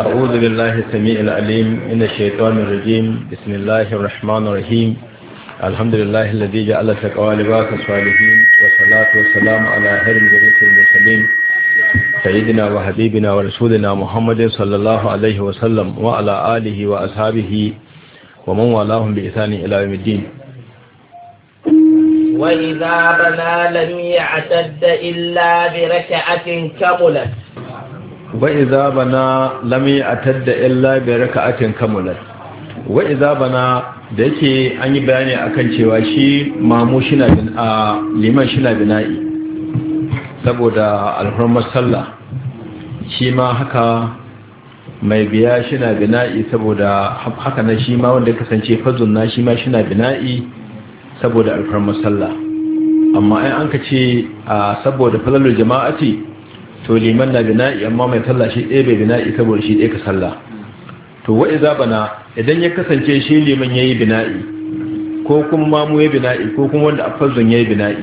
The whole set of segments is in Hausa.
أعوذ بالله السميع العليم من الشيطان الرجيم بسم الله الرحمن الرحيم الحمد لله الذي جعل تقوى لباس الصالحين والصلاة والسلام على خير جميع المرسلين سيدنا وحبيبنا ورسولنا محمد صلى الله عليه وسلم وعلى آله وأصحابه ومن والاهم بإحسان إلى يوم الدين وإذا بنى لم يعتد إلا بركعة كملت wa iza bana lami atadda illa bi raka'atin kamulat wa iza bana da yake an yi bayani akan cewa shi mamu shina bin a liman shina bina'i saboda alhurmar sallah shi ma haka mai biya shina bina'i saboda haka na shi ma wanda kasance fazun na shi ma shina bina'i saboda alhurmar sallah amma ai an ka ce saboda falalul jama'ati to liman na bina'i amma mai sallah shi ɗaya bai bina'i saboda shi ɗaya ka sallah to wa iza bana idan ya kasance shi liman yayi bina'i ko kuma mamu ya bina'i ko kuma wanda afazun yayi bina'i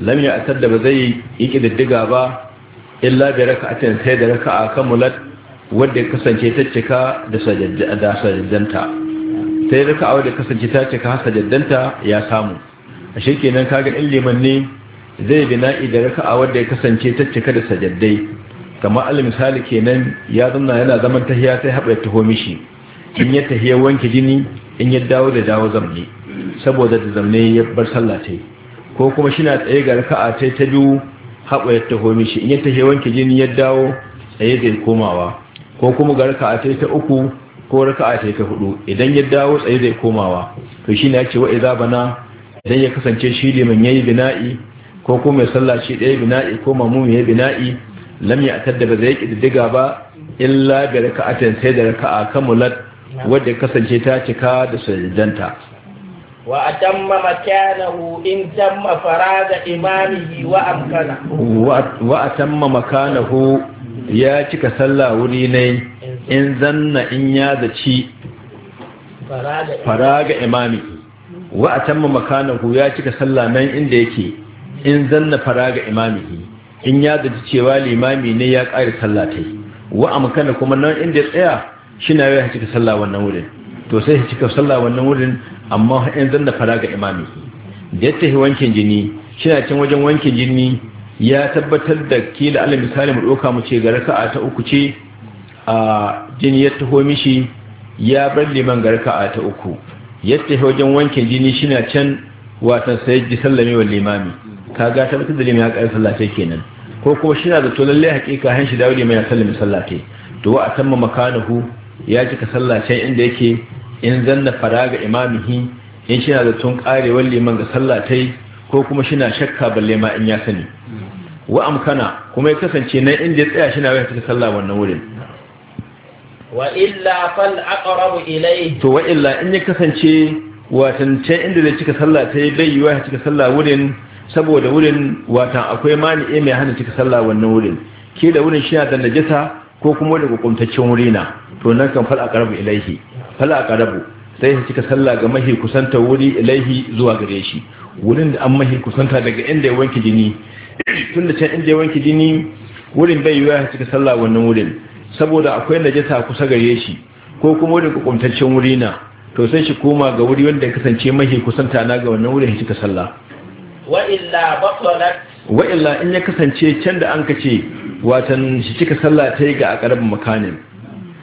lam ya atar da ba zai yi kididdiga ba illa bi raka'atin sai da kan mulat, wanda ya kasance ta cika da sajaddanta sai raka'a wanda ya kasance ta cika sajaddanta ya samu a shekenan kaga in liman ne zai na'i da raka'a wadda ya kasance ta cika da sajaddai kamar al misali kenan ya zanna yana zaman tahiya sai haɓa ta taho mishi in ya tahiya wanke jini in ya dawo da dawo zamne saboda da zamne ya bar sallah ta ko kuma shi na tsaye ga raka'a ta ta biyu haɓa ta taho mishi in ya tahiya wanke jini ya dawo tsaye zai komawa ko kuma ga raka'a ta ta uku ko raka'a ta ta hudu idan ya dawo tsaye zai komawa to shi ne ya ce wa iza bana idan ya kasance shi liman yayi bina'i ko kuma ya sallaci ɗaya bina'i ko mamumi ya bina'i lam ya tadda ba zai ƙididdiga ba illa bi raka'atin sai da raka'a kamulat wadda kasance ta cika da sajdanta wa atamma makanahu in tamma faraga imamihi wa amkana wa atamma makanahu ya cika sallah wuri ne in zanna in ya zaci faraga imami wa atamma makanahu ya cika sallah nan inda yake in zanna fara ga imamihi in ya gaji cewa limami ne ya ƙari sallatai ta yi wa a kuma nan inda ya tsaya shi na ya cika sallah wannan wurin to sai ya cika sallah wannan wurin amma in zanna ga imamihi da ya tafi wankin jini shi na cin wajen wankin jini ya tabbatar da kila ala misali mu ɗauka mu ce ga raka'a ta uku ce a jini ya taho mishi ya bar liman ga raka'a ta uku ya tafi wajen wankin jini shi na can watan sai ji sallame wa limami kaga tabbatar da limin ya ƙari sallatai kenan ko kuma shi na da to lalle hakika han shi dawo mai ya sallami sallatai to wa atamma makanahu ya cika sallatai inda yake in zanna faraga imamihi in shi na da tun ƙarewar liman ga sallatai ko kuma shi na shakka balle ma in ya sani wa amkana kuma ya kasance nan inda ya tsaya shi na wai cika sallah wannan wurin wa illa fal aqrabu ilayhi to wa illa in ya kasance watan can inda zai cika sallah ta yi bai yiwa cika sallah wurin saboda wurin watan akwai mani'i mai hana cika sallah wannan wurin ke da wurin shi na da najasa ko kuma wani hukuntaccen wuri na to nan kan fal aqrabu ilaihi fal aqrabu sai ya cika sallah ga mahi kusanta wuri ilaihi zuwa gare shi wurin da an mahi kusanta daga inda ya wanki jini da can inda ya wanki jini wurin bai yiwa ya cika sallah wannan wurin saboda akwai najasa kusa gare shi ko kuma wani hukuntaccen wuri na to sai shi koma ga wuri wanda ya kasance mahi kusanta na ga wannan wurin ya cika sallah wa'illa in ya kasance can da an ka ce watan shi cika sallah ta yi ga akarabin makanin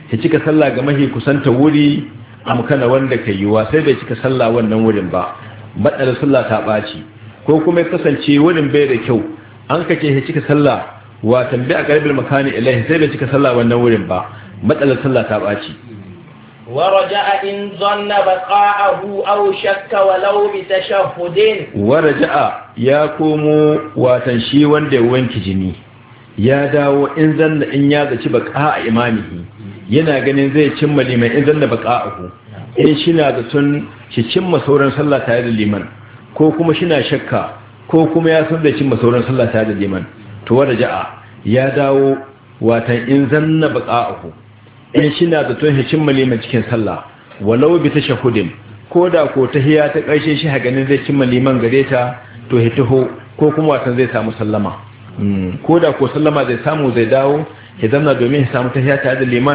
shi cika sallah ga mahi kusanta wuri a makana wanda ka yiwa sai bai cika sallah wannan wurin ba matsalar sallah ta ɓaci ko kuma ya kasance wurin bai da kyau an ka ce shi cika sallah watan bi a karabin makanin ilahi sai bai cika sallah wannan wurin ba matsalar sallah ta ɓaci ورجع إن ظن بقاءه أو شك ولو بتشهد ورجع يا ya واتنشي وند وانك جني يا داو إن ظن إن يغتي بقاء إمامه yana ganin zai cimma liman in zanna ku. in shi na da sun shi cimma sauran sallah tare da liman ko kuma shi na shakka ko kuma ya san da cimma sauran sallah tare da liman to wara ja'a ya dawo watan in zanna ku. in shi na zaton shi cimma liman cikin sallah walau bi tashahudin ko da ko tahiya ta karshe shi ha ganin zai cimma liman gare ta to ya tuho ko kuma watan zai samu sallama hmm, ko da ko sallama zai samu zai dawo ya zamna domin ya samu tahiya tare da liman